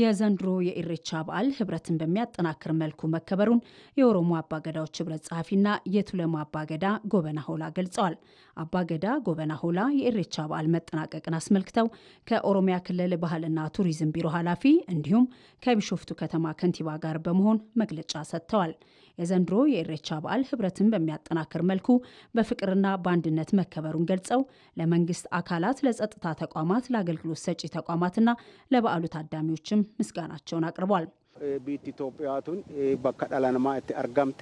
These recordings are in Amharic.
የዘንድሮ የኢሬቻ በዓል ህብረትን በሚያጠናክር መልኩ መከበሩን የኦሮሞ አባገዳዎች ህብረት ጸሐፊና የቱለማ አባገዳ ጎበና ሆላ ገልጸዋል። አባገዳ ጎበና ሆላ የኢሬቻ በዓል መጠናቀቅን አስመልክተው ከኦሮሚያ ክልል ባህልና ቱሪዝም ቢሮ ኃላፊ እንዲሁም ከቢሾፍቱ ከተማ ከንቲባ ጋር በመሆን መግለጫ ሰጥተዋል። የዘንድሮ የኢሬቻ በዓል ህብረትን በሚያጠናክር መልኩ በፍቅርና በአንድነት መከበሩን ገልጸው ለመንግስት አካላት፣ ለጸጥታ ተቋማት፣ ለአገልግሎት ሰጪ ተቋማትና ለበዓሉ ታዳሚዎችም ምስጋናቸውን አቅርቧል። ኢትዮጵያቱን እቲ አርጋምት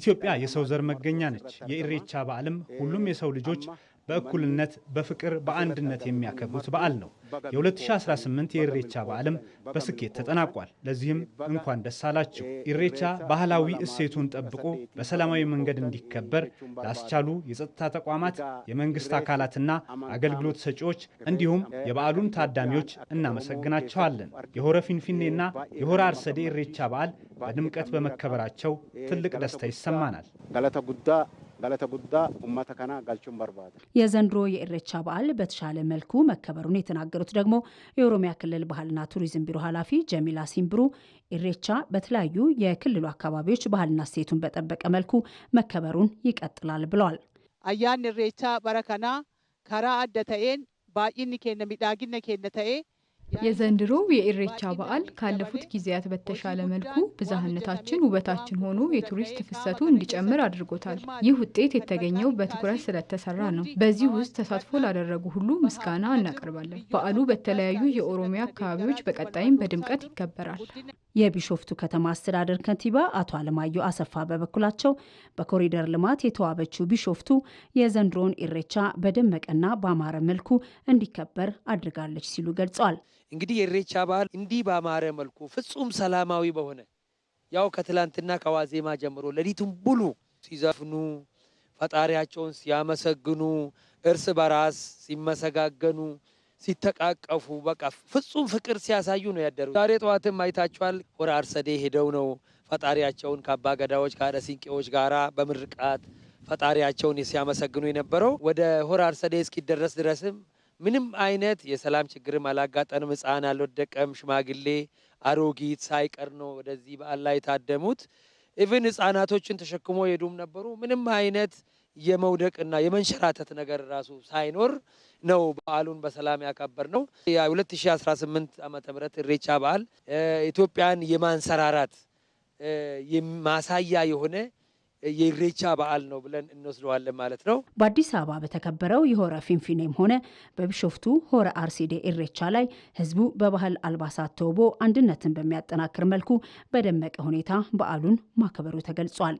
ኢትዮጵያ የሰው ዘር መገኛ ነች። የኢሬቻ በዓልም ሁሉም የሰው ልጆች በእኩልነት በፍቅር በአንድነት የሚያከብሩት በዓል ነው። የ2018 የኢሬቻ በዓልም በስኬት ተጠናቋል። ለዚህም እንኳን ደስ አላችሁ። ኢሬቻ ባህላዊ እሴቱን ጠብቆ በሰላማዊ መንገድ እንዲከበር ላስቻሉ የጸጥታ ተቋማት፣ የመንግስት አካላትና አገልግሎት ሰጪዎች እንዲሁም የበዓሉን ታዳሚዎች እናመሰግናቸዋለን። የሆረ ፊንፊኔና የሆረ አርሰዴ ኢሬቻ በዓል በድምቀት በመከበራቸው ትልቅ ደስታ ይሰማናል። ጋለተ ጉዳ ኡመተ ከና ገልቹን በርባደ የዘንድሮ የኢሬቻ በዓል በተሻለ መልኩ መከበሩን የተናገሩት ደግሞ የኦሮሚያ ክልል ባህልና ቱሪዝም ቢሮ ኃላፊ ጀሚላ ሲምብሩ ኢሬቻ በተለያዩ የክልሉ አካባቢዎች ባህልና ሴቱን በጠበቀ መልኩ መከበሩን ይቀጥላል ብለዋል። አያን ኢሬቻ በረከና ከራ አደተኤን ተኤን ባይን ኬነ ሚዳግነ ኬነ ተኤ የዘንድሮው የኢሬቻ በዓል ካለፉት ጊዜያት በተሻለ መልኩ ብዝሃነታችን ውበታችን ሆኖ የቱሪስት ፍሰቱ እንዲጨምር አድርጎታል። ይህ ውጤት የተገኘው በትኩረት ስለተሰራ ነው። በዚህ ውስጥ ተሳትፎ ላደረጉ ሁሉ ምስጋና እናቀርባለን። በዓሉ በተለያዩ የኦሮሚያ አካባቢዎች በቀጣይም በድምቀት ይከበራል። የቢሾፍቱ ከተማ አስተዳደር ከንቲባ አቶ አለማየሁ አሰፋ በበኩላቸው በኮሪደር ልማት የተዋበችው ቢሾፍቱ የዘንድሮን ኢሬቻ በደመቀና በአማረ መልኩ እንዲከበር አድርጋለች ሲሉ ገልጸዋል። እንግዲህ የኢሬቻ በዓል እንዲህ በአማረ መልኩ ፍጹም ሰላማዊ በሆነ ያው ከትላንትና ከዋዜማ ጀምሮ ሌሊቱን ሙሉ ሲዘፍኑ ፈጣሪያቸውን ሲያመሰግኑ እርስ በራስ ሲመሰጋገኑ ሲተቃቀፉ በቃ ፍጹም ፍቅር ሲያሳዩ ነው ያደሩ። ዛሬ ጠዋትም አይታችኋል። ሆራ አርሰዴ ሄደው ነው ፈጣሪያቸውን ከአባ ገዳዎች ከአደ ሲንቄዎች ጋራ በምርቃት ፈጣሪያቸውን ሲያመሰግኑ የነበረው። ወደ ሆራ አርሰዴ እስኪደረስ ድረስም ምንም አይነት የሰላም ችግርም አላጋጠንም። ህፃን አልወደቀም። ሽማግሌ አሮጊት ሳይቀር ነው ወደዚህ በዓል ላይ የታደሙት። ኢቭን ህጻናቶችን ተሸክሞ የሄዱም ነበሩ። ምንም አይነት የመውደቅ እና የመንሸራተት ነገር ራሱ ሳይኖር ነው በዓሉን በሰላም ያከበር ነው። የ2018 ዓ ም ኢሬቻ በዓል ኢትዮጵያን የማንሰራራት ማሳያ የሆነ የኢሬቻ በዓል ነው ብለን እንወስደዋለን ማለት ነው። በአዲስ አበባ በተከበረው የሆረ ፊንፊኔም ሆነ በቢሾፍቱ ሆረ አርሲዴ ኢሬቻ ላይ ህዝቡ በባህል አልባሳት ተውቦ አንድነትን በሚያጠናክር መልኩ በደመቀ ሁኔታ በዓሉን ማክበሩ ተገልጿል።